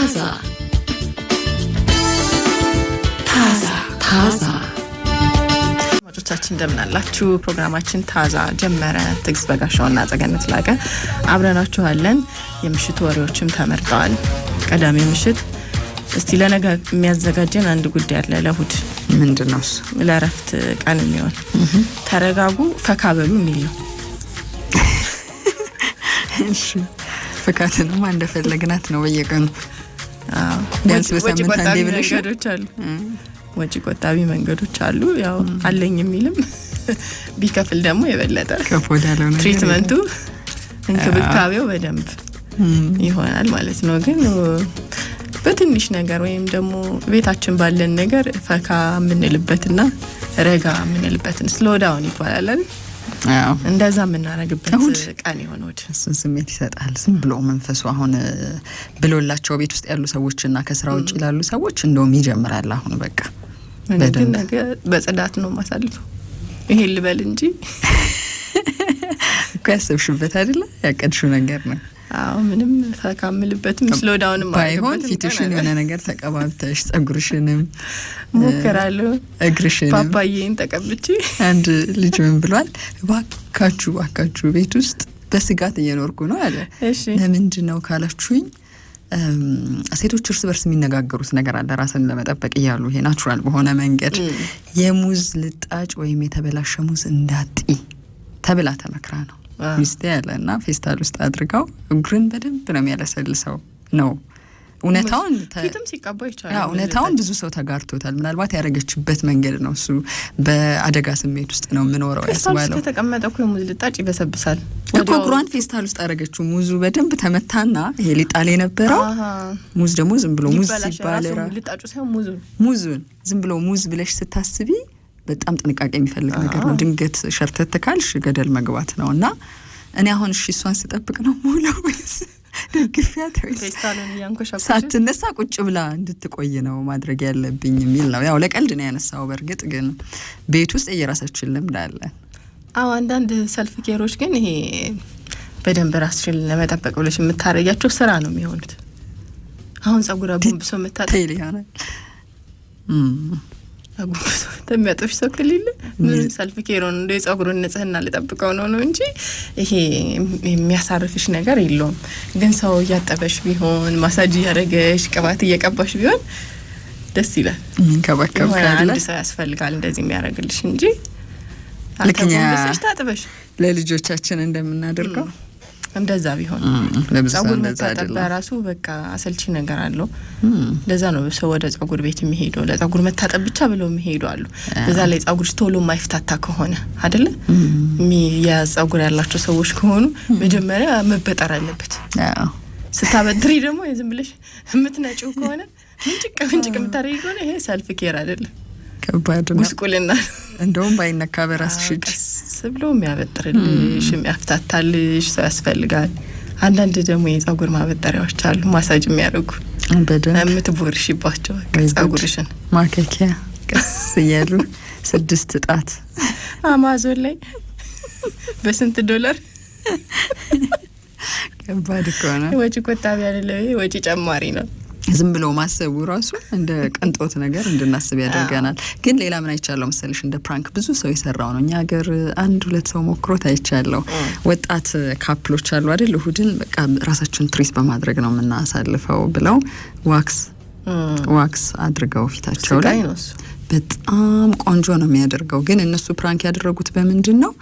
ታዛ ታዛ ታዛ አድማጮቻችን እንደምናላችሁ ፕሮግራማችን ታዛ ጀመረ። ትግስት በጋሻውና ጸገነት ላቀ አብረናችኋለን። የምሽቱ ወሬዎችም ተመርጠዋል። ቀዳሚ ምሽት እስቲ ለነገ የሚያዘጋጀን አንድ ጉዳይ አለ። ለሁድ ምንድነውስ ለረፍት እሱ? ቀን የሚሆን ተረጋጉ ፈካ በሉ የሚል ነው። ፍካትንም እንደፈለግናት ነው በየቀኑ ወጭ አሉ ወጪ ቆጣቢ መንገዶች አሉ። ያው አለኝ የሚልም ቢከፍል ደግሞ የበለጠ ትሪትመንቱ እንክብካቤው በደንብ ይሆናል ማለት ነው። ግን በትንሽ ነገር ወይም ደግሞ ቤታችን ባለን ነገር ፈካ የምንልበትና ረጋ የምንልበትን ስሎዳውን ይባላል እንደዛ የምናረግበት ቀን የሆነ እሱን ስሜት ይሰጣል። ዝም ብሎ መንፈሱ አሁን ብሎላቸው ቤት ውስጥ ያሉ ሰዎችና ከስራ ውጭ ላሉ ሰዎች እንደውም ይጀምራል። አሁን በቃ በጽዳት ነው ማሳልፈው። ይሄ ልበል እንጂ እኮ ያሰብሽበት አይደለ ያቀድሽው ነገር ነው። አዎ ምንም ታካምልበትም ስሎዳውንም ባይሆን ፊትሽን የሆነ ነገር ተቀባብተሽ ጸጉርሽንም ሞክራለሁ። እግርሽን ፓፓዬን ተቀብቼ አንድ ልጅ ምን ብሏል? ባካችሁ ባካችሁ ቤት ውስጥ በስጋት እየኖርኩ ነው አለ። ለምንድን ነው ካላችሁኝ ሴቶች እርስ በርስ የሚነጋገሩት ነገር አለ ራስን ለመጠበቅ እያሉ ይሄ ናቹራል በሆነ መንገድ የሙዝ ልጣጭ ወይም የተበላሸ ሙዝ እንዳጢ ተብላ ተመክራ ነው ሚስቴ ያለ እና ፌስታል ውስጥ አድርገው እግርን በደንብ ነው የሚያለሰልሰው ነው እውነታውን እውነታውን ብዙ ሰው ተጋርቶታል። ምናልባት ያደረገችበት መንገድ ነው እሱ በአደጋ ስሜት ውስጥ ነው የምኖረው ያስባለው። ተቀመጠ እኮ የሙዝ ልጣጭ ይበሰብሳል እኮ እግሯን ፌስታል ውስጥ አደረገችው። ሙዙ በደንብ ተመታና ይሄ ሊጣል የነበረው ሙዝ ደግሞ ዝም ብሎ ሙዝ ሲባል ሙዙን ዝም ብሎ ሙዝ ብለሽ ስታስቢ በጣም ጥንቃቄ የሚፈልግ ነገር ነው። ድንገት ሸርተት ካልሽ ገደል መግባት ነው እና እኔ አሁን እሺ እሷን ስጠብቅ ነው ሙለው ወይስ ደግፊያት ሳትነሳ ቁጭ ብላ እንድትቆይ ነው ማድረግ ያለብኝ የሚል ነው። ያው ለቀልድ ነው ያነሳው። በእርግጥ ግን ቤት ውስጥ እየራሳችን ልምድ አለ። አዎ አንዳንድ ሰልፍ ኬሮች ግን ይሄ በደንብ ራስሽን ለመጠበቅ ብለሽ የምታረጊያቸው ስራ ነው የሚሆኑት። አሁን ጸጉር አጎንብሶ የምታጠ ጸጉር የሚያጠፍ ሰው ከሌለ ምን ሰልፍ ኬር ነው እንደ የጸጉሩን ንጽህና ልጠብቀው ነው ነው እንጂ ይሄ የሚያሳርፍሽ ነገር የለውም። ግን ሰው እያጠበሽ ቢሆን ማሳጅ እያደረገሽ ቅባት እየቀባሽ ቢሆን ደስ ይላል። ከባከብ አንድ ሰው ያስፈልጋል እንደዚህ የሚያደርግልሽ እንጂ ልክኛ ታጥበሽ ለልጆቻችን እንደምናደርገው እንደዛ ቢሆን ጸጉር መታጠብ በራሱ በቃ አሰልቺ ነገር አለው። እንደዛ ነው ሰው ወደ ጸጉር ቤት የሚሄደው ለጸጉር መታጠብ ብቻ ብለው የሚሄዱ አሉ። በዛ ላይ ጸጉር ቶሎ ማይፍታታ ከሆነ አይደለ የጸጉር ያላቸው ሰዎች ከሆኑ መጀመሪያ መበጠር አለበት። ስታበድሪ ደግሞ የዝም ብለሽ የምትነጪው ከሆነ ምንጭቅ ምንጭቅ የምታደርጊ ከሆነ ይሄ ሰልፍ ኬር አደለም። ከባድ ነው ጉስቁልና። እንደውም ባይነካ በራስሽ እጅ ብሎ የሚያበጥርልሽ የሚያፍታታልሽ ሰው ያስፈልጋል። አንዳንድ ደግሞ የጸጉር ማበጠሪያዎች አሉ፣ ማሳጅ የሚያደርጉ የምትቦርሽባቸው ጸጉርሽን ማከኪያ ቀስ እያሉ ስድስት ጣት አማዞን ላይ በስንት ዶላር ከባድ ከሆነ ወጪ ቆጣቢ አይደለም፣ ወጪ ጨማሪ ነው። ዝም ብሎ ማሰቡ ራሱ እንደ ቅንጦት ነገር እንድናስብ ያደርገናል። ግን ሌላ ምን አይቻለሁ መሰለሽ እንደ ፕራንክ ብዙ ሰው የሰራው ነው። እኛ ሀገር አንድ ሁለት ሰው ሞክሮት አይቻለሁ። ወጣት ካፕሎች አሉ አይደል፣ እሁድን በቃ ራሳችን ትሪት በማድረግ ነው የምናሳልፈው ብለው ዋክስ ዋክስ አድርገው ፊታቸው ላይ በጣም ቆንጆ ነው የሚያደርገው። ግን እነሱ ፕራንክ ያደረጉት በምንድን ነው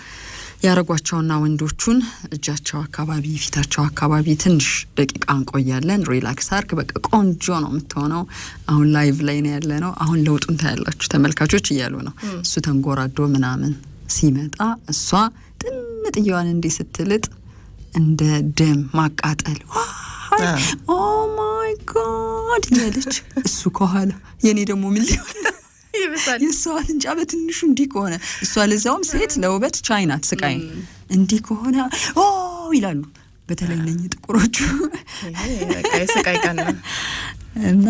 ያረጓቸውና ወንዶቹን እጃቸው አካባቢ ፊታቸው አካባቢ ትንሽ ደቂቃ እንቆያለን። ሪላክስ አርግ። በቃ ቆንጆ ነው የምትሆነው። አሁን ላይቭ ላይ ነው ያለ ነው። አሁን ለውጡን ታያላችሁ ተመልካቾች እያሉ ነው። እሱ ተንጎራዶ ምናምን ሲመጣ እሷ ጥንጥየዋን እንዲህ ስትልጥ እንደ ደም ማቃጠል ኦ ማይ ጋድ እያለች እሱ ከኋላ የእኔ ደግሞ ምን ሊሆን የእሷ አፍንጫ በትንሹ እንዲህ ከሆነ እሷ ለዛውም ሴት ለውበት ቻይና ስቃይ እንዲህ ከሆነ ኦ ይላሉ። በተለይ እነኝህ ጥቁሮቹ ስቃይ እና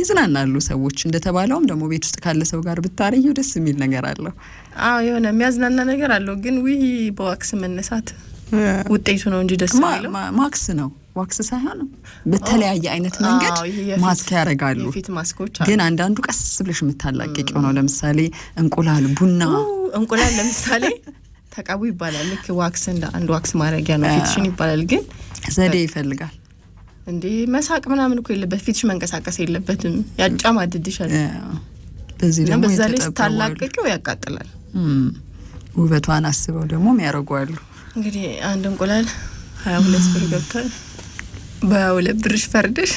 ይዝናናሉ ሰዎች። እንደተባለውም ደግሞ ቤት ውስጥ ካለ ሰው ጋር ብታረየው ደስ የሚል ነገር አለው። አዎ የሆነ የሚያዝናና ነገር አለው። ግን ውይ በዋክስ መነሳት ውጤቱ ነው እንጂ ደስ ማክስ ነው ዋክስ ሳይሆን በተለያየ አይነት መንገድ ማስክ ያደርጋሉ። ግን አንዳንዱ ቀስ ብለሽ የምታላቀቂው ነው። ለምሳሌ እንቁላል፣ ቡና፣ እንቁላል ለምሳሌ ተቀቡ ይባላል። ልክ ዋክስ እንደ አንድ ዋክስ ማድረጊያ ነው ፊትሽን ይባላል። ግን ዘዴ ይፈልጋል። እንዲህ መሳቅ ምናምን እኮ የለበት ፊትሽ መንቀሳቀስ የለበትም። ያጫማድድሻል። በዚህ ደግሞ በዛ ላይ ስታላቅቂው ያቃጥላል። ውበቷን አስበው ደግሞ ያደርጓሉ። እንግዲህ አንድ እንቁላል ሀያ ሁለት ብር ገብቷል። በሁለት ብርሽ ፈርደሽ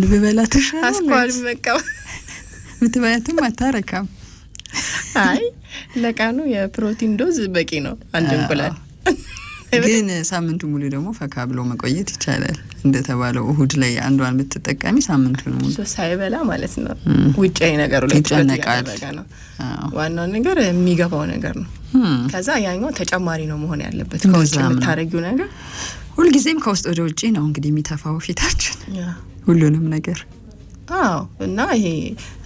ልብበላ አስኳል መቀባ ምትበያትም አታረካም። አይ ለቀኑ የፕሮቲን ዶዝ በቂ ነው፣ አንድ እንቁላል። ግን ሳምንቱ ሙሉ ደግሞ ፈካ ብሎ መቆየት ይቻላል። እንደተባለው እሁድ ላይ አንዷን ብትጠቀሚ ሳምንቱን ሙሉ ሳይበላ ማለት ነው። ውጫዊ ነገሩ ላይ ይጨነቃል። ዋናው ነገር የሚገባው ነገር ነው። ከዛ ያኛው ተጨማሪ ነው መሆን ያለበት ከውጭ የምታረጊው ነገር ሁልጊዜም ከውስጥ ወደ ውጭ ነው እንግዲህ የሚተፋው ፊታችን ሁሉንም ነገር። አዎ እና ይሄ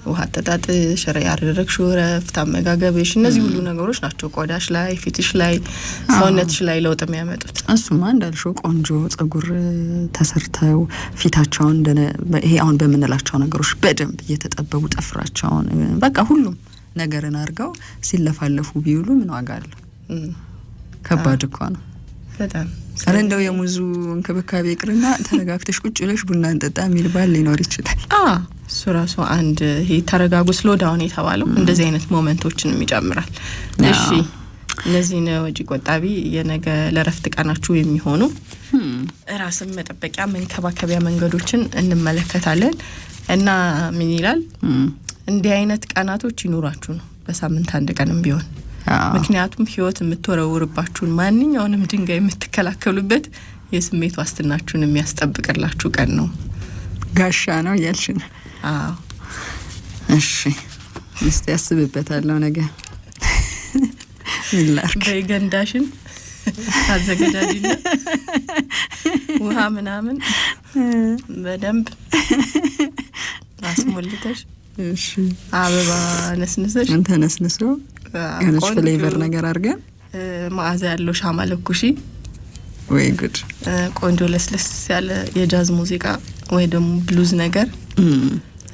ውሃ አጠጣጥ ሽረ ያደረግሽው ረፍት፣ አመጋገብሽ፣ እነዚህ ሁሉ ነገሮች ናቸው ቆዳሽ ላይ ፊትሽ ላይ ሰውነትሽ ላይ ለውጥ የሚያመጡት። እሱማ እንዳልሽው ቆንጆ ጸጉር ተሰርተው ፊታቸውን ይሄ አሁን በምንላቸው ነገሮች በደንብ እየተጠበቡ ጥፍራቸውን በቃ ሁሉም ነገርን አድርገው ሲለፋለፉ ቢውሉ ምን ዋጋ አለ ከባድ እኮ ነው በጣም አረ እንደው የሙዙ እንክብካቤ ይቅርና ተረጋግተሽ ቁጭ ብለሽ ቡና እንጠጣ የሚል ባል ሊኖር ይችላል። እሱ ራሱ አንድ ይሄ ተረጋጉ ስሎ ዳውን የተባለው እንደዚህ አይነት ሞመንቶችንም ይጨምራል። እሺ ነው ወጪ ቆጣቢ የነገ ለረፍት ቀናችሁ የሚሆኑ ራስን መጠበቂያ መንከባከቢያ መንገዶችን እንመለከታለን እና ምን ይላል እንዲህ አይነት ቀናቶች ይኖራችሁ ነው በሳምንት አንድ ቀንም ቢሆን ምክንያቱም ህይወት የምትወረውርባችሁን ማንኛውንም ድንጋይ የምትከላከሉበት የስሜት ዋስትናችሁን የሚያስጠብቅላችሁ ቀን ነው። ጋሻ ነው እያልሽን? አዎ። እሺ እስቲ ያስብበታለሁ። ነገ ላርክ ገንዳሽን አዘገጃጅ ውሃ ምናምን በደንብ አስሞልተሽ አበባ ነስንሰሽ ተነስንሶ የሆነች ፍሌቨር ነገር አድርገን መዓዛ ያለው ሻማ ለኩሺ ወይ ጉድ ቆንጆ ለስለስ ያለ የጃዝ ሙዚቃ ወይ ደግሞ ብሉዝ ነገር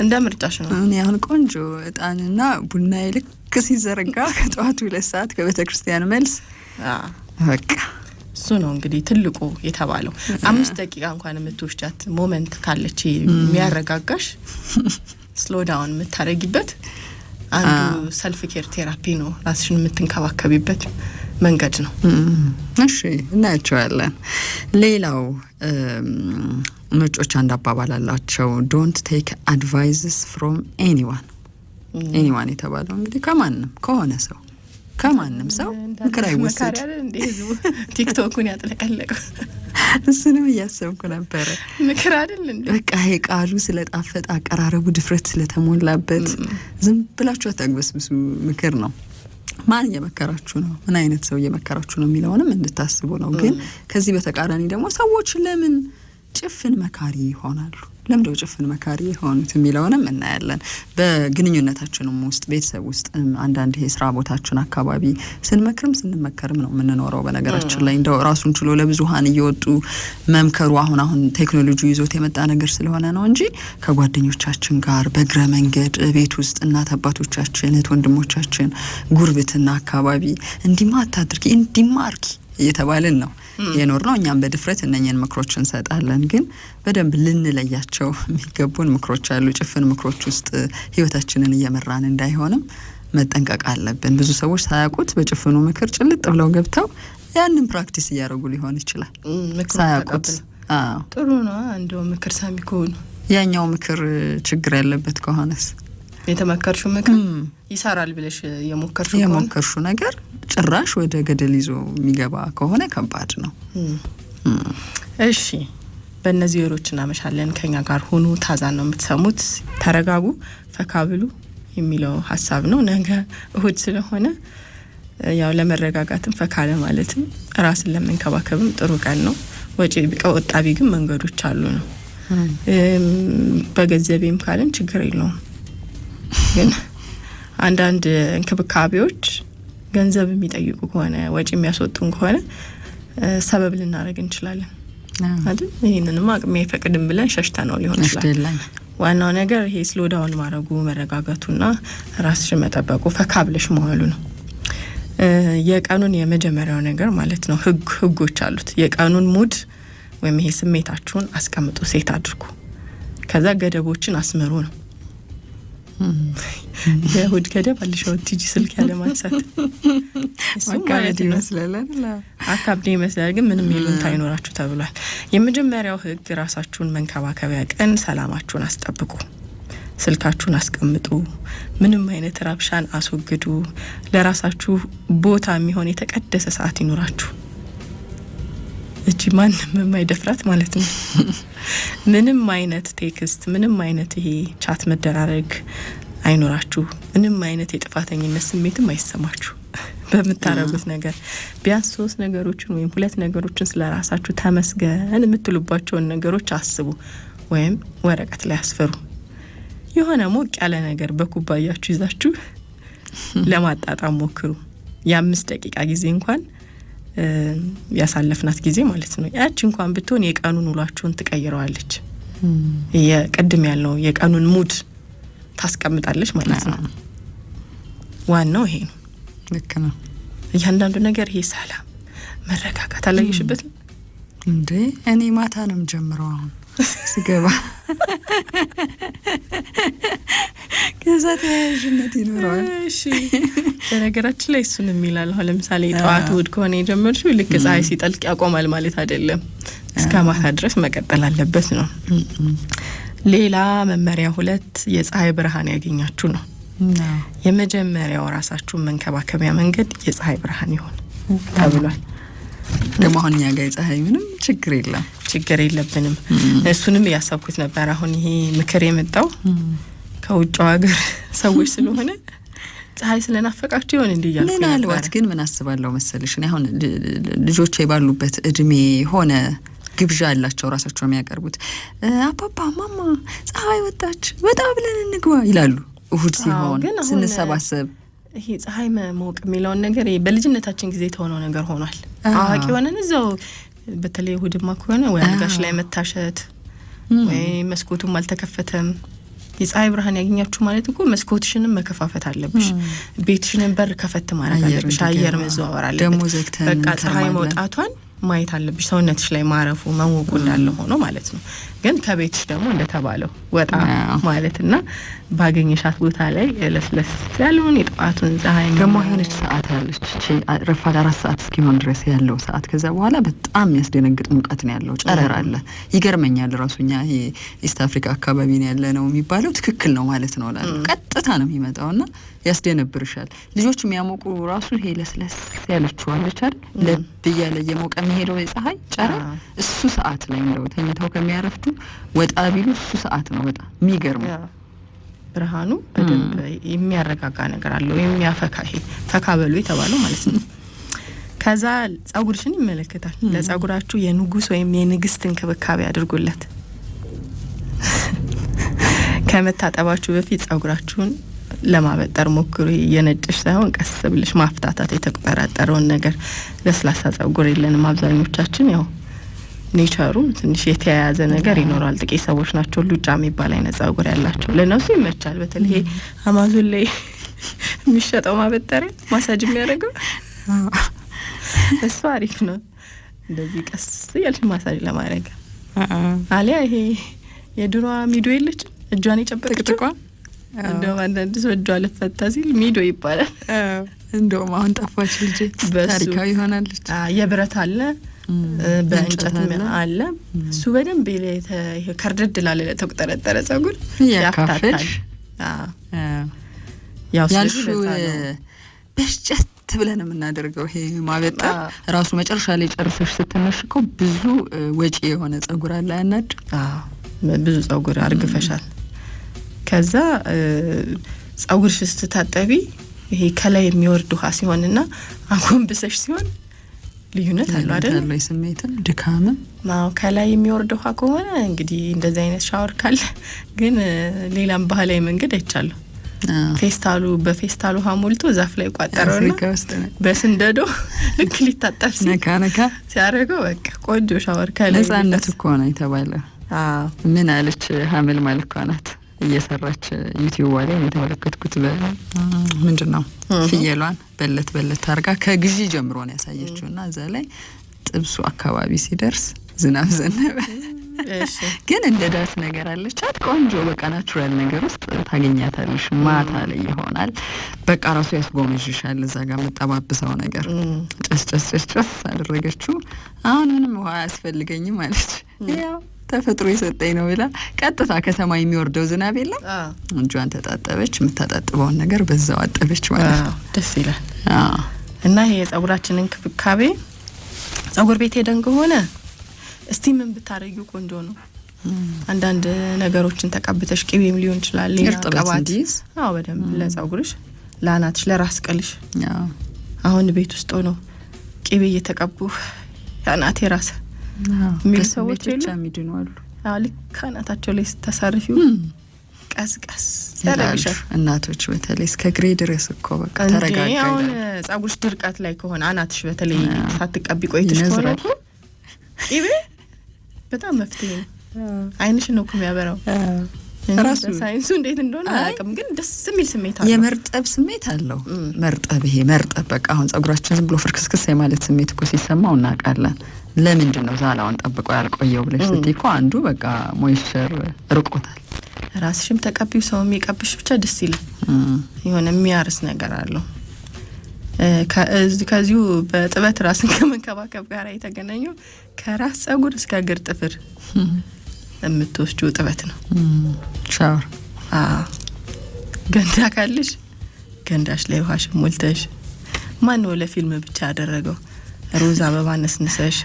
እንደ ምርጫሽ ነው። እኔ አሁን ቆንጆ እጣንና ቡና ልክ ሲዘረጋ ከጠዋቱ ሁለት ሰዓት ከቤተ ክርስቲያን መልስ በቃ እሱ ነው እንግዲህ ትልቁ የተባለው አምስት ደቂቃ እንኳን የምትወስጃት ሞመንት ካለች የሚያረጋጋሽ ስሎዳውን የምታደረጊበት አንዱ ሰልፍ ኬር ቴራፒ ነው። ራስሽን የምትንከባከቢበት መንገድ ነው። እሺ፣ እናያቸዋለን። ሌላው ነጮች አንድ አባባል አላቸው፣ ዶንት ቴክ አድቫይዝስ ፍሮም ኤኒዋን። ኤኒዋን የተባለው እንግዲህ ከማንም ከሆነ ሰው ከማንም ሰው ምክር አይወሰድ። ቲክቶኩን ያጥለቀለቀው እሱንም እያሰብኩ ነበረ። ምክር አይደል እንዴ? በቃ የቃሉ ስለጣፈጥ አቀራረቡ ድፍረት ስለተሞላበት ዝም ብላችሁ አታግበስብሱ። ምክር ነው። ማን እየመከራችሁ ነው? ምን አይነት ሰው እየመከራችሁ ነው የሚለውንም እንድታስቡ ነው። ግን ከዚህ በተቃራኒ ደግሞ ሰዎች ለምን ጭፍን መካሪ ይሆናሉ። ለምደው ጭፍን መካሪ የሆኑት የሚለውንም እናያለን። በግንኙነታችንም ውስጥ ቤተሰብ ውስጥ አንዳንድ የስራ ቦታችን አካባቢ ስንመክርም ስንመከርም ነው የምንኖረው። በነገራችን ላይ እንደው ራሱን ችሎ ለብዙሀን እየወጡ መምከሩ አሁን አሁን ቴክኖሎጂ ይዞት የመጣ ነገር ስለሆነ ነው እንጂ ከጓደኞቻችን ጋር በእግረ መንገድ ቤት ውስጥ እናት አባቶቻችን፣ እህት ወንድሞቻችን ጉርብትና አካባቢ እንዲማ አታድርጊ እንዲማ እየተባልን ነው የኖር ነው። እኛም በድፍረት እነኝን ምክሮች እንሰጣለን። ግን በደንብ ልንለያቸው የሚገቡን ምክሮች አሉ። ጭፍን ምክሮች ውስጥ ህይወታችንን እየመራን እንዳይሆንም መጠንቀቅ አለብን። ብዙ ሰዎች ሳያውቁት በጭፍኑ ምክር ጭልጥ ብለው ገብተው ያንን ፕራክቲስ እያደረጉ ሊሆን ይችላል ሳያውቁት። ጥሩ ነው እንደው ምክር ሳሚ ከሆኑ ያኛው ምክር ችግር ያለበት ከሆነስ የተመከርሽው ምክር ይሰራል ብለሽ የሞከርሽው የሞከርሽው ነገር ጭራሽ ወደ ገደል ይዞ የሚገባ ከሆነ ከባድ ነው። እሺ፣ በእነዚህ ወሮች እናመሻለን። ከኛ ጋር ሆኑ። ታዛን ነው የምትሰሙት። ተረጋጉ፣ ፈካ ብሉ የሚለው ሀሳብ ነው። ነገ እሁድ ስለሆነ ያው ለመረጋጋትም ፈካ ለማለትም ራስን ለመንከባከብም ጥሩ ቀን ነው። ወጪ ቆጣቢ ግን መንገዶች አሉ ነው። በገንዘቤም ካልን ችግር የለውም። ግን አንዳንድ እንክብካቤዎች ገንዘብ የሚጠይቁ ከሆነ ወጪ የሚያስወጡን ከሆነ ሰበብ ልናደርግ እንችላለን አይደል? ይህንንም አቅሜ አይፈቅድም ብለን ሸሽተ ነው ሊሆን ይችላል። ዋናው ነገር ይሄ ስሎዳውን ማድረጉ መረጋጋቱና ራስሽን መጠበቁ ፈካ ብለሽ መዋሉ ነው። የቀኑን የመጀመሪያው ነገር ማለት ነው ህግ ህጎች አሉት። የቀኑን ሙድ ወይም ይሄ ስሜታችሁን አስቀምጡ፣ ሴት አድርጉ። ከዛ ገደቦችን አስምሩ ነው የእሁድ ገደብ አልሻወት ቲጂ ስልክ ያለማንሳት ማንሳት ይመስላል አካብድ ይመስላል፣ ግን ምንም የሉን አይኖራችሁ ተብሏል። የመጀመሪያው ህግ ራሳችሁን መንከባከቢያ ቀን ሰላማችሁን አስጠብቁ፣ ስልካችሁን አስቀምጡ፣ ምንም አይነት ራብሻን አስወግዱ፣ ለራሳችሁ ቦታ የሚሆን የተቀደሰ ሰዓት ይኖራችሁ። እቺ ማንም የማይደፍራት ማለት ነው። ምንም አይነት ቴክስት፣ ምንም አይነት ይሄ ቻት መደራረግ አይኖራችሁ። ምንም አይነት የጥፋተኝነት ስሜትም አይሰማችሁ በምታረጉት ነገር። ቢያንስ ሶስት ነገሮችን ወይም ሁለት ነገሮችን ስለ ራሳችሁ ተመስገን የምትሉባቸውን ነገሮች አስቡ ወይም ወረቀት ላይ አስፈሩ። የሆነ ሞቅ ያለ ነገር በኩባያችሁ ይዛችሁ ለማጣጣም ሞክሩ። የአምስት ደቂቃ ጊዜ እንኳን ያሳለፍናት ጊዜ ማለት ነው። ያች እንኳን ብትሆን የቀኑን ውሏችሁን ትቀይረዋለች። የቅድም ያለው የቀኑን ሙድ ታስቀምጣለች ማለት ነው። ዋናው ይሄ ነው። ልክ ነው። እያንዳንዱ ነገር ይሄ ሰላም፣ መረጋጋት አላየሽበት እንዴ? እኔ ማታ ነው የምጀምረው አሁን ስገባ ከዛ ተያያዥነት ይኖረዋል። በነገራችን ላይ እሱን የሚላል አሁን ለምሳሌ ጠዋት ውድ ከሆነ የጀመርሽው ልክ ፀሐይ ሲጠልቅ ያቆማል ማለት አይደለም። እስከ ማታ ድረስ መቀጠል አለበት ነው። ሌላ መመሪያ ሁለት የፀሐይ ብርሃን ያገኛችሁ ነው። የመጀመሪያው ራሳችሁን መንከባከቢያ መንገድ የፀሐይ ብርሃን ይሆን ተብሏል። ደግሞ አሁን እኛ የፀሐይ ምንም ችግር የለም ችግር የለብንም። እሱንም እያሰብኩት ነበር። አሁን ይሄ ምክር የመጣው ከውጭ ሀገር ሰዎች ስለሆነ ፀሐይ ስለናፈቃቸው ይሆን እንዲ እያልኩ ምናልባት ግን ምን አስባለሁ መሰልሽ እኔ አሁን ልጆቼ ባሉበት እድሜ ሆነ ግብዣ ያላቸው ራሳቸው የሚያቀርቡት አባባ ማማ ፀሐይ ወጣች ወጣ ብለን እንግባ ይላሉ። እሁድ ሲሆን ስንሰባሰብ ይሄ ፀሐይ መሞቅ የሚለውን ነገር በልጅነታችን ጊዜ የተሆነው ነገር ሆኗል። አዋቂ ሆነን እዛው በተለይ እሁድማ ከሆነ ወይ አልጋሽ ላይ መታሸት ወይ መስኮቱም አልተከፈተም የፀሐይ ብርሃን ያገኛችሁ ማለት እኮ መስኮትሽንም መከፋፈት አለብሽ። ቤትሽንም በር ከፈት ማድረግ አለብሽ። አየር መዘዋወር አለበት። በቃ ፀሐይ መውጣቷን ማየት አለብሽ። ሰውነትሽ ላይ ማረፉ መሞቁ እንዳለ ሆኖ ማለት ነው። ግን ከቤትሽ ደግሞ እንደተባለው ወጣ ማለትና ባገኘሻት ቦታ ላይ ለስለስ ያለውን የጠዋቱን ፀሐይ ደግሞ የሆነች ሰዓት ያለች ረፋድ አራት ሰዓት እስኪሆን ድረስ ያለው ሰዓት ከዛ በኋላ በጣም ያስደነግጥ ሙቀት ነው ያለው። ጨረር አለ። ይገርመኛል። ራሱኛ ኢስት አፍሪካ አካባቢ ነው ያለ ነው የሚባለው ትክክል ነው ማለት ነው ላለ ቀጥታ ነው የሚመጣው እና ያስደነብርሻል። ልጆች የሚያሞቁ ራሱ ይሄ ለስለስ ያለችዋለች አይደል ለብ እያለ እየሞቀ የሚሄደው የፀሐይ ጨረር እሱ ሰዓት ላይ እንደው ተኝተው ከሚያረፍዱ ወጣ ቢሉ እሱ ሰዓት ነው በጣም የሚገርመው ብርሃኑ በደንብ የሚያረጋጋ ነገር አለው። የሚያፈካ ይሄ ፈካ በሉ የተባለው ማለት ነው። ከዛ ጸጉርሽን ይመለከታል። ለጸጉራችሁ የንጉስ ወይም የንግስት እንክብካቤ አድርጉለት። ከመታጠባችሁ በፊት ጸጉራችሁን ለማበጠር ሞክሩ። እየነጭሽ ሳይሆን ቀስ ብልሽ ማፍታታት፣ የተቆጠራጠረውን ነገር ለስላሳ ጸጉር የለንም አብዛኞቻችን ያው ኔቸሩም ትንሽ የተያያዘ ነገር ይኖረዋል። ጥቂት ሰዎች ናቸው ሉጫ የሚባል አይነት ጸጉር ያላቸው፣ ለነሱ ይመቻል። በተለይ ይሄ አማዞን ላይ የሚሸጠው ማበጠሪያ ማሳጅ የሚያደርገው እሱ አሪፍ ነው። እንደዚህ ቀስ እያልሽ ማሳጅ ለማድረግ አሊያ ይሄ የድሮ ሚዶ የለች እጇን የጨበጥቅጥቋ እንደውም አንዳንድ ሰው እጇ ልፈታ ሲል ሚዶ ይባላል። እንደውም አሁን ጠፋች ልጅ ታሪካዊ ይሆናለች። የብረት አለ በእንጨት አለ። እሱ በደንብ ከርደድ ላለ ለተቆጠረጠረ ጸጉር ያካፍል። ያልሽው በእንጨት ብለህ የምናደርገው። ይሄ ማበጣ ራሱ መጨረሻ ላይ ጨርሰሽ ስትነሽቀው ብዙ ወጪ የሆነ ጸጉር አለ። ያናድ ብዙ ጸጉር አርግፈሻል። ከዛ ጸጉርሽ ስትታጠቢ ይሄ ከላይ የሚወርድ ውሃ ሲሆንና አጎንብሰሽ ሲሆን ልዩነት አለው አይደል? ስሜትም ድካምም ማው ከላይ የሚወርድ ውሃ ከሆነ እንግዲህ እንደዚህ አይነት ሻወር ካለ ግን ሌላም ባህላዊ መንገድ አይቻለሁ። ፌስታሉ በፌስታሉ ውሃ ሞልቶ ዛፍ ላይ ቋጠረውና በስንደዶ ልክ ሊታጠብ ነካነካ ሲያደርገው በቃ ቆንጆ ሻወር ከላይ ነጻነት እኮ ነው የተባለ ምን አለች ሀምል ማለት እኮ ናት እየሰራች ዩቲዩብ ላይ የተመለከትኩት ምንድን ነው ፍየሏን በለት በለት አድርጋ ከግዢ ጀምሮ ነው ያሳየችው እና እዛ ላይ ጥብሱ አካባቢ ሲደርስ ዝናብ ዘነበ። ግን እንደ ዳስ ነገር አለቻት። ቆንጆ በቃ ናቹራል ነገር ውስጥ ታገኛታለሽ። ማታ ላይ ይሆናል በቃ ራሱ ያስጎመዥሻል። እዛ ጋር የምጠባብሰው ነገር ጨስጨስጨስጨስ አደረገችው። አሁን ምንም ውሃ አያስፈልገኝም አለች ያው ተፈጥሮ የሰጠኝ ነው ብላ ቀጥታ ከሰማይ የሚወርደው ዝናብ የለም። እጇን ተጣጠበች፣ የምታጣጥበውን ነገር በዛው አጠበች ማለት ነው። ደስ ይላል እና ይሄ የጸጉራችን እንክብካቤ ጸጉር ቤት ሄደን ከሆነ እስቲ ምን ብታደርጊው ቆንጆ ነው አንዳንድ ነገሮችን ተቀብተሽ ቅቤም ሊሆን ይችላል ቅባት አዎ በደንብ ለጸጉርሽ ለአናትሽ ለራስ ቅልሽ አሁን ቤት ውስጥ ሆነው ቅቤ እየተቀቡ የአናቴ ራስ የሚሉ ሰዎች የሉ ሚድኑ አሉ። ልክ ከእናታቸው ላይ ስታሳርፊው ቀዝቀዝ ያደርግሻል። እናቶች በተለይ እስከ ግሬ ድረስ እኮ በቃ ተረጋጋ። አሁን ጸጉርሽ ድርቀት ላይ ከሆነ አናትሽ በተለይ ሳትቀቢ ቆይተሽ ከሆነ እኮ በጣም መፍትሄ ነው። አይንሽ ነው እኮ የሚያበራው። ራሱ ሳይንሱ እንዴት እንደሆነ አያውቅም፣ ግን ደስ የሚል ስሜት አለው። የመርጠብ ስሜት አለው። መርጠብ፣ ይሄ መርጠብ በቃ አሁን ጸጉራችን ዝም ብሎ ፍርክስክስ የማለት ስሜት እኮ ሲሰማው እናውቃለን። ለምንድን ነው ዛላውን ጠብቆ ያልቆየው ብለሽ ስትይ እኮ አንዱ በቃ ሞይስቸር ርቆታል። ራስሽም ተቀቢው፣ ሰው የሚቀብሽ ብቻ ደስ ይላል። የሆነ የሚያርስ ነገር አለው። ከዚሁ በጥበት ራስን ከመንከባከብ ጋር የተገናኘው ከራስ ጸጉር እስከ እግር ጥፍር የምትወስጂው ጥበት ነው። ሻወር ገንዳ ካለሽ ገንዳሽ ላይ ውሃሽ ሞልተሽ ማን ነው ለፊልም ብቻ ያደረገው? ሮዝ አበባ ነስንሰሽ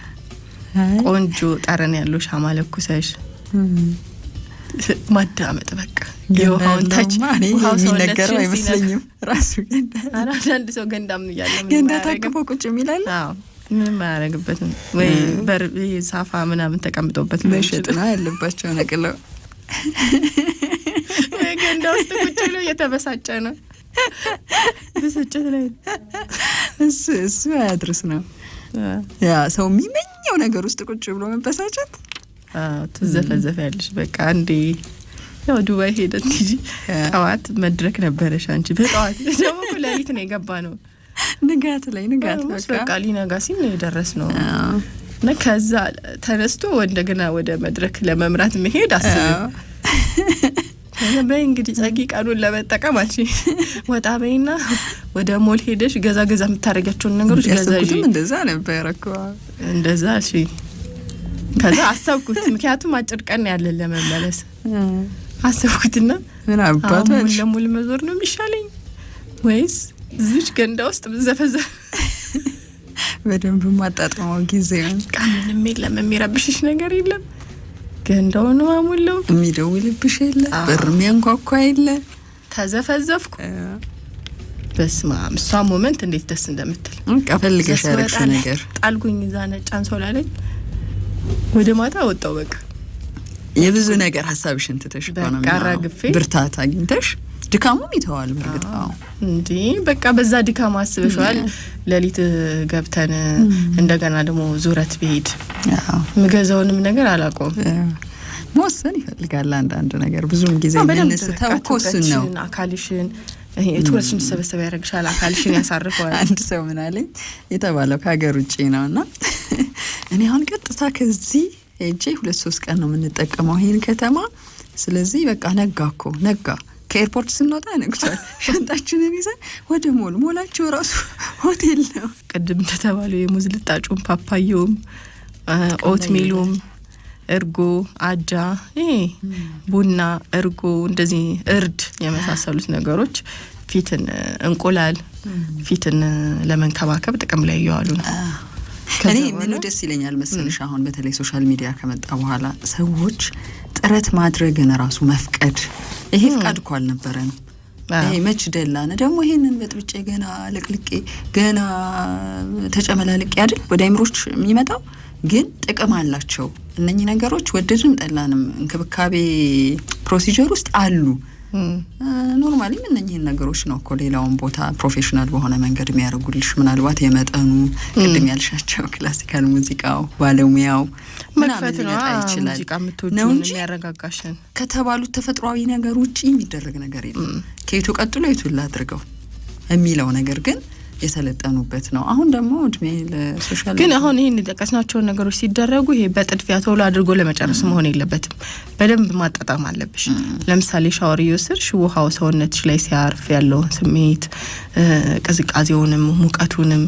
ቆንጆ ጠረን ያለው ሻማ ለኩሰሽ ማዳመጥ በቃ የውሃውን ታች የሚነገረው አይመስለኝም። ራሱ ገንዳ አንዳንድ ሰው ገንዳም እያለ ገንዳ ታቅፎ ቁጭ የሚላል ምንም አያደርግበትም ወይ ሳፋ ምናምን ተቀምጦበት መሸጥ መሸጥና ያለባቸው ነቅለው ገንዳ ውስጥ ቁጭ ብሎ እየተበሳጨ ነው። ብስጭት ላይ እሱ እሱ አያድርስ ነው። ያ ሰው የሚመኘው ነገር ውስጥ ቁጭ ብሎ መበሳጨት ትዘፈዘፈ ያለሽ በቃ አንዴ ያው ዱባይ ሄደት ጠዋት መድረክ ነበረሽ አንቺ። በጠዋት ደግሞ ሌሊት ነው የገባ ነው ንጋት ላይ ንጋት በቃ ሊነጋ ሲል ነው የደረስ ነው እና ከዛ ተነስቶ እንደገና ወደ መድረክ ለመምራት መሄድ አስብ በይ እንግዲህ ጸጊ ቀኑን ለመጠቀም አንቺ ወጣ በይና ወደ ሞል ሄደሽ ገዛ ገዛ የምታደርጊያቸውን ነገሮች ገዛሽም እንደዛ ነበር እኮ እንደዛ እሺ ከዛ አሰብኩት ምክንያቱም አጭር ቀን ያለን ለመመለስ አሰብኩትና ምን አባቱ ለሞል መዞር ነው የሚሻለኝ ወይስ እዚች ገንዳ ውስጥ ብዘፈዘፍ በደንብ ማጣጥመው ጊዜ ምንም የለም። የሚረብሽሽ ነገር የለም። ገንዳውን ማሙለው የሚደውልብሽ የለ፣ በር የሚያንኳኳ የለ። ተዘፈዘፍኩ። በስመ አብ። እሷ ሞመንት እንዴት ደስ እንደምትል ፈልገሽ ያረግሽ ነገር ጣልጉኝ። እዛ ነጭ አንሶላ ላይ ወደ ማታ ወጣው። በቃ የብዙ ነገር ሀሳብሽን ትተሽ በቃ ረግፌ ብርታት አግኝተሽ ድካሙም ይተዋል። እርግጥ እንዲህ በቃ በዛ ድካም አስበሸዋል። ሌሊት ገብተን እንደገና ደግሞ ዙረት ብሄድ ምገዛውንም ነገር አላቆም መወሰን ይፈልጋል። አንዳንድ ነገር ብዙም ጊዜ ንስተው ኮሱን ነው አካልሽን ቱረስ እንዲሰበሰበ ያደረግሻል፣ አካልሽን ያሳርፈዋል። አንድ ሰው ምናለኝ የተባለው ከሀገር ውጭ ነው እና እኔ አሁን ቀጥታ ከዚህ ሄጄ ሁለት ሶስት ቀን ነው የምንጠቀመው ይህን ከተማ። ስለዚህ በቃ ነጋ እኮ ነጋ ከኤርፖርት ስንወጣ ነግቷል። ሻንጣችንን ይዘን ወደ ሞል ሞላቸው ራሱ ሆቴል ነው። ቅድም እንደተባለው የሙዝ ልጣጩም፣ ፓፓየውም፣ ኦትሚሉም፣ እርጎ፣ አጃ፣ ቡና፣ እርጎ እንደዚህ እርድ የመሳሰሉት ነገሮች ፊትን፣ እንቁላል ፊትን ለመንከባከብ ጥቅም ላይ እየዋሉ ነው። እኔ ምኑ ደስ ይለኛል መሰለሽ አሁን በተለይ ሶሻል ሚዲያ ከመጣ በኋላ ሰዎች ጥረት ማድረግን ራሱ መፍቀድ ይሄ ፍቃድ እኮ አልነበረም። ይሄ መች ደላ ነው ደግሞ ይሄንን በጥብጬ ገና ልቅልቄ ገና ተጨመላልቄ አይደል ወደ አይምሮች የሚመጣው። ግን ጥቅም አላቸው እነኚህ ነገሮች ወደድንም ጠላንም እንክብካቤ ፕሮሲጀር ውስጥ አሉ። ኖርማሊ እነኝህን ነገሮች ነው እኮ ሌላውን ቦታ ፕሮፌሽናል በሆነ መንገድ የሚያደርጉልሽ። ምናልባት የመጠኑ ቅድም ያልሻቸው ክላሲካል ሙዚቃው ባለሙያው ምናምን ሊመጣ ይችላል ነው እንጂ ያረጋጋሽን ከተባሉት ተፈጥሯዊ ነገር ውጭ የሚደረግ ነገር የለም። ከየቱ ቀጥሎ የቱን ላድርገው የሚለው ነገር ግን የሰለጠኑበት ነው። አሁን ደግሞ እድሜ ለሶሻል ግን አሁን ይህን የጠቀስናቸውን ነገሮች ሲደረጉ ይሄ በጥድፊያ ቶሎ አድርጎ ለመጨረስ መሆን የለበትም። በደንብ ማጣጣም አለብሽ። ለምሳሌ ሻወር እየወሰድሽ ውሃው ሰውነትሽ ላይ ሲያርፍ ያለውን ስሜት ቅዝቃዜውንም ሙቀቱንም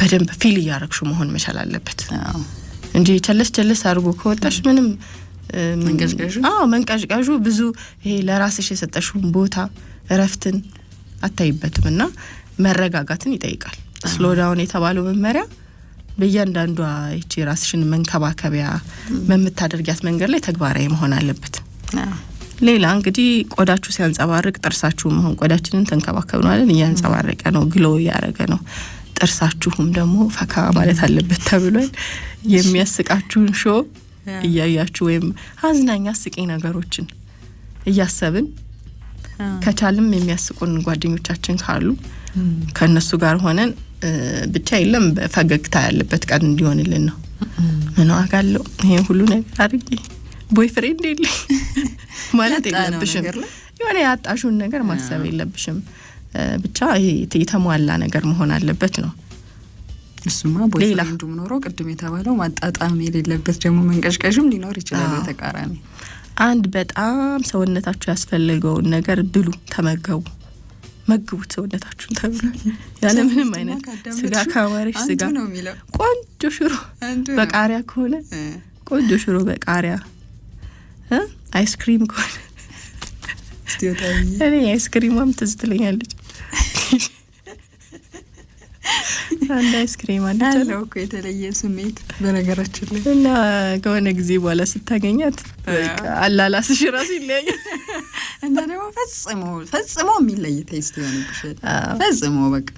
በደንብ ፊል እያረግሹ መሆን መቻል አለበት እንጂ ቸለስ ቸለስ አድርጎ ከወጣሽ ምንም መንቀዥቀዡ ብዙ ይሄ ለራስሽ የሰጠሽውን ቦታ እረፍትን አታይበትም እና መረጋጋትን ይጠይቃል። ስሎዳውን የተባለው መመሪያ በእያንዳንዷ ይቺ ራስሽን መንከባከቢያ በምታደርጊያት መንገድ ላይ ተግባራዊ መሆን አለበት። ሌላ እንግዲህ ቆዳችሁ ሲያንጸባርቅ ጥርሳችሁ መሆን ቆዳችንን ተንከባከብነዋለን እያንጸባረቀ ነው፣ ግሎ እያደረገ ነው። ጥርሳችሁም ደግሞ ፈካ ማለት አለበት ተብሏል። የሚያስቃችሁን ሾ እያያችሁ ወይም አዝናኛ አስቂኝ ነገሮችን እያሰብን ከቻልም የሚያስቁን ጓደኞቻችን ካሉ ከእነሱ ጋር ሆነን ብቻ የለም ፈገግታ ያለበት ቀን እንዲሆንልን ነው። ምን ዋጋ አለው ይሄ ሁሉ ነገር አድርጌ ቦይ ፍሬንድ የለኝ ማለት የለብሽም። የሆነ ያጣሹን ነገር ማሰብ የለብሽም። ብቻ የተሟላ ነገር መሆን አለበት ነው። እሱማ ቦይፍሬንዱም ኖሮ ቅድም የተባለው ማጣጣም የሌለበት ደግሞ መንቀሽቀሽም ሊኖር ይችላል። በተቃራኒ አንድ በጣም ሰውነታችሁ ያስፈልገውን ነገር ብሉ፣ ተመገቡ መግቡት ሰውነታችሁን ተብሏል። ያለምንም አይነት ስጋ ካማረሽ ስጋ ቆንጆ ሽሮ በቃሪያ ከሆነ ቆንጆ ሽሮ በቃሪያ አይስክሪም ከሆነ እኔ አይስክሪም ትዝ ትለኛለች። አንድ አይስክሪም አንቻለው እኮ የተለየ ስሜት በነገራችን ላይ እና ከሆነ ጊዜ በኋላ ስታገኛት አላላስሽ ራሱ ይለያል። እና ደግሞ ፈጽሞ ፈጽሞ የሚለይ ቴስት ይሆንብሻል። ፈጽሞ በቃ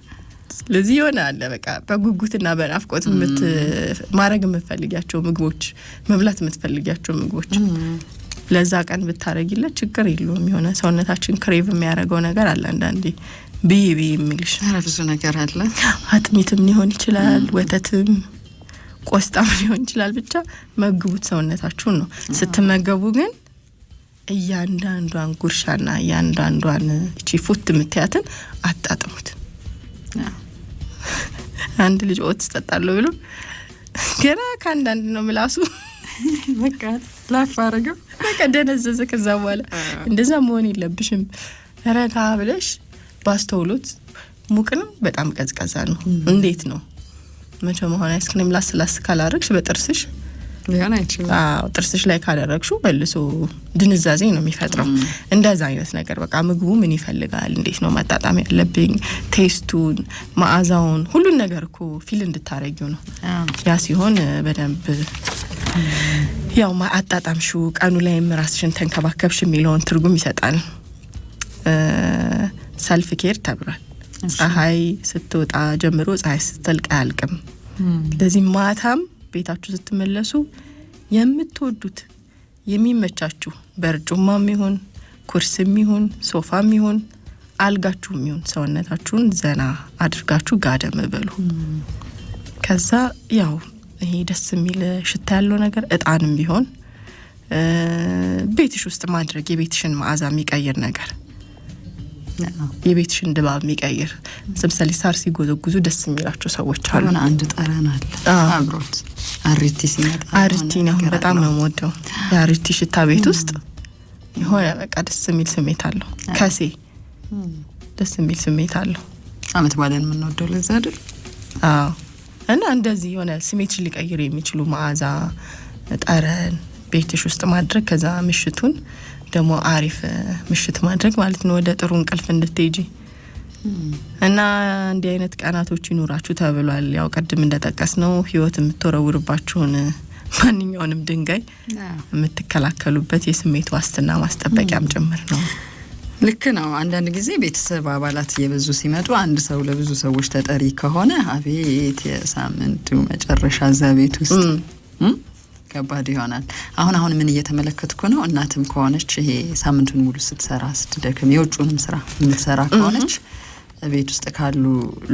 ስለዚህ የሆነ አለ በቃ በጉጉትና በናፍቆት ማድረግ የምትፈልጊያቸው ምግቦች፣ መብላት የምትፈልጊያቸው ምግቦች ለዛ ቀን ብታረጊለት ችግር የለውም። የሆነ ሰውነታችን ክሬቭ የሚያደርገው ነገር አለ አንዳንዴ ብዬ ብዬ የሚልሽ ብዙ ነገር አለ። አጥሚትም ሊሆን ይችላል፣ ወተትም፣ ቆስጣም ሊሆን ይችላል። ብቻ መግቡት ሰውነታችሁን ነው። ስትመገቡ ግን እያንዳንዷን ጉርሻና እያንዳንዷን እቺ ፉት የምትያትን አጣጥሙት። አንድ ልጅ ኦት ስጠጣለሁ ብሎ ገና ከአንዳንድ ነው ምላሱ ላፍ አረገው፣ በቃ ደነዘዘ። ከዛ በኋላ እንደዛ መሆን የለብሽም ረጋ ብለሽ ባስተውሎት ሙቅንም በጣም ቀዝቀዛ ነው። እንዴት ነው መቼ መሆን አይስክሬም ላስላስ ካላረግሽ በጥርስሽ ጥርስሽ ላይ ካደረግሹ መልሶ ድንዛዜ ነው የሚፈጥረው። እንደዛ አይነት ነገር በቃ ምግቡ ምን ይፈልጋል፣ እንዴት ነው ማጣጣም ያለብኝ፣ ቴስቱን፣ መዓዛውን፣ ሁሉን ነገር እኮ ፊል እንድታረጊው ነው። ያ ሲሆን በደንብ ያው አጣጣምሹ፣ ቀኑ ላይም ራስሽን ተንከባከብሽ የሚለውን ትርጉም ይሰጣል። ሰልፍ ኬር ተብሏል። ፀሐይ ስትወጣ ጀምሮ ፀሐይ ስትጠልቅ አያልቅም። ለዚህ ማታም ቤታችሁ ስትመለሱ የምትወዱት የሚመቻችሁ በርጩማም ይሁን ኩርስም ይሁን ሶፋም ይሁን አልጋችሁም ይሁን ሰውነታችሁን ዘና አድርጋችሁ ጋደም በሉ። ከዛ ያው ይሄ ደስ የሚል ሽታ ያለው ነገር እጣንም ቢሆን ቤትሽ ውስጥ ማድረግ የቤትሽን መዓዛ የሚቀይር ነገር የቤትሽን ድባብ የሚቀይር ለምሳሌ ሳር ሲጎዘጉዙ ደስ የሚላቸው ሰዎች አሉ። አንድ ጠረን አለ አብሮት አሪቲ ሲመጣ አሪቲ ነው በጣም ነው የምወደው የአሪቲ ሽታ ቤት ውስጥ የሆነ በቃ ደስ የሚል ስሜት አለው። ከሴ ደስ የሚል ስሜት አለው። አመት ባለን የምንወደው ለዛ አይደል? አዎ። እና እንደዚህ የሆነ ስሜትሽን ሊቀይሩ የሚችሉ መዓዛ፣ ጠረን ቤትሽ ውስጥ ማድረግ ከዛ ምሽቱን ደግሞ አሪፍ ምሽት ማድረግ ማለት ነው፣ ወደ ጥሩ እንቅልፍ እንድትሄጂ እና እንዲህ አይነት ቀናቶች ይኖራችሁ ተብሏል። ያው ቅድም እንደጠቀስ ነው ህይወት የምትወረውርባችሁን ማንኛውንም ድንጋይ የምትከላከሉበት የስሜት ዋስትና ማስጠበቂያም ጭምር ነው። ልክ ነው። አንዳንድ ጊዜ ቤተሰብ አባላት እየበዙ ሲመጡ አንድ ሰው ለብዙ ሰዎች ተጠሪ ከሆነ አቤት የሳምንቱ መጨረሻ እዛ ቤት ውስጥ ከባድ ይሆናል። አሁን አሁን ምን እየተመለከትኩ ነው፣ እናትም ከሆነች ይሄ ሳምንቱን ሙሉ ስትሰራ ስትደክም፣ የውጭውንም ስራ የምትሰራ ከሆነች ቤት ውስጥ ካሉ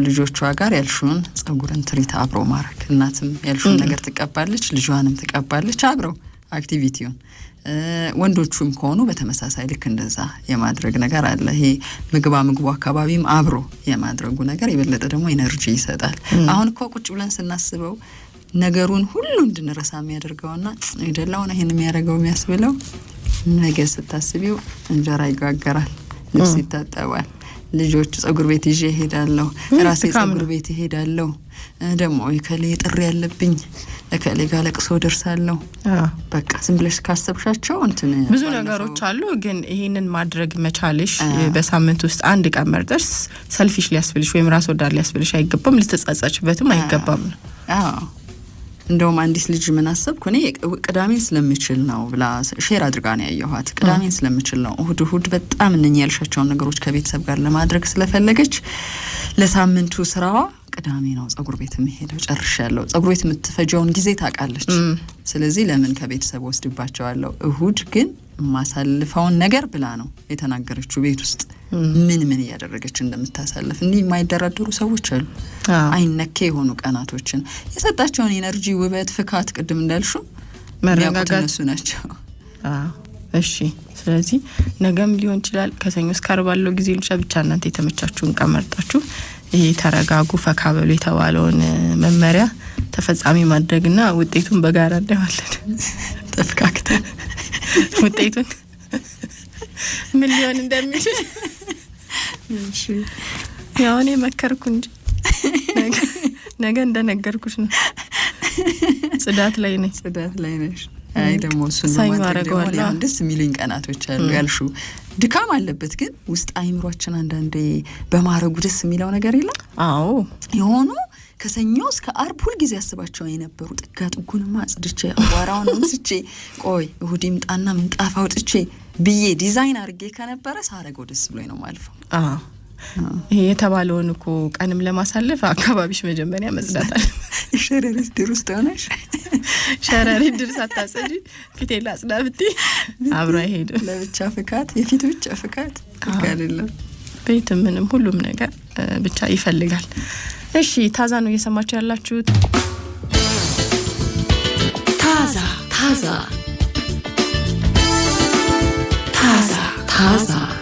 ልጆቿ ጋር ያልሹን ጸጉርን ትሪት አብሮ ማድረግ እናትም ያልሹን ነገር ትቀባለች፣ ልጇንም ትቀባለች አብረው አክቲቪቲውን ወንዶቹም ከሆኑ በተመሳሳይ ልክ እንደዛ የማድረግ ነገር አለ። ይሄ ምግባ ምግቡ አካባቢም አብሮ የማድረጉ ነገር የበለጠ ደግሞ ኤነርጂ ይሰጣል። አሁን እኮ ቁጭ ብለን ስናስበው ነገሩን ሁሉ እንድንረሳ የሚያደርገውና ይደላውን ይህን የሚያደርገው የሚያስብለው ነገ ስታስቢው እንጀራ ይጋገራል፣ ልብስ ይታጠባል፣ ልጆች ጸጉር ቤት ይዤ ይሄዳለሁ፣ ራሴ ጸጉር ቤት ይሄዳለሁ፣ ደግሞ የከሌ ጥሪ ያለብኝ ከሌ ጋር ለቅሶ ደርሳለሁ። በቃ ዝም ብለሽ ካሰብሻቸው እንትን ብዙ ነገሮች አሉ። ግን ይህንን ማድረግ መቻልሽ በሳምንት ውስጥ አንድ ቀን መርጠሽ ሰልፊሽ ሊያስብልሽ ወይም ራስ ወዳድ ሊያስብልሽ አይገባም። ልትጸጸችበትም አይገባም ነው እንደውም አንዲት ልጅ ምን አሰብኩ እኔ ቅዳሜን ስለምችል ነው ብላ ሼር አድርጋ ነው ያየኋት። ቅዳሜን ስለምችል ነው እሁድ እሁድ በጣም እነኛ ያልሻቸውን ነገሮች ከቤተሰብ ጋር ለማድረግ ስለፈለገች ለሳምንቱ ስራዋ ቅዳሜ ነው ጸጉር ቤት የምሄደው ያለው ጸጉር ቤት የምትፈጀውን ጊዜ ታውቃለች። ስለዚህ ለምን ከቤተሰብ ወስድባቸዋለሁ? እሁድ ግን የማሳልፈውን ነገር ብላ ነው የተናገረችው። ቤት ውስጥ ምን ምን እያደረገች እንደምታሳልፍ እንዲህ የማይደራደሩ ሰዎች አሉ። አይነኬ የሆኑ ቀናቶችን የሰጣቸውን ኤነርጂ፣ ውበት፣ ፍካት ቅድም እንዳልሹ መረጋጋት እነሱ ናቸው። እሺ ስለዚህ ነገም ሊሆን ይችላል ከሰኞ እስከ ዓርብ ባለው ጊዜ ልቻ ብቻ እናንተ የተመቻችሁን ቀን መርጣችሁ ይሄ ተረጋጉ ፈካ በሉ የተባለውን መመሪያ ተፈጻሚ ማድረግና ውጤቱን በጋራ እናየዋለን። ተፍካክተን ውጤቱን ምን ሊሆን እንደሚችል ያው እኔ መከርኩ እንጂ ነገ እንደነገርኩሽ ነው። ጽዳት ላይ ነኝ። ጽዳት ላይ ነሽ። አይ ደግሞ እሱን ለማድረግ ደስ የሚሉኝ ቀናቶች አሉ ያልሹ ድካም አለበት ግን ውስጥ አይምሯችን አንዳንዴ በማረጉ ደስ የሚለው ነገር የለም። አዎ የሆኑ ከሰኞ እስከ አርብ ሁልጊዜ አስባቸው የነበሩ ጥጋ ጥጉንማ አጽድቼ አቧራውን አንስቼ ቆይ እሁድ ይምጣና ምንጣፍ አውጥቼ ብዬ ዲዛይን አድርጌ ከነበረ ሳረገው ደስ ብሎኝ ነው ማልፈው። ይሄ የተባለውን እኮ ቀንም ለማሳለፍ አካባቢሽ መጀመሪያ መጽዳታል። ሸረሪት ድር ውስጥ ሆነሽ ሸረሪት ድር ሳታጸጂ ፊቴ ላጽዳ ብትይ አብሮ አይሄድም። ለብቻ ፍካት፣ የፊት ብቻ ፍካት አይደለም። ቤት ምንም ሁሉም ነገር ብቻ ይፈልጋል። እሺ ታዛ ነው እየሰማችሁ ያላችሁት። ታዛ ታዛ ታዛ ታዛ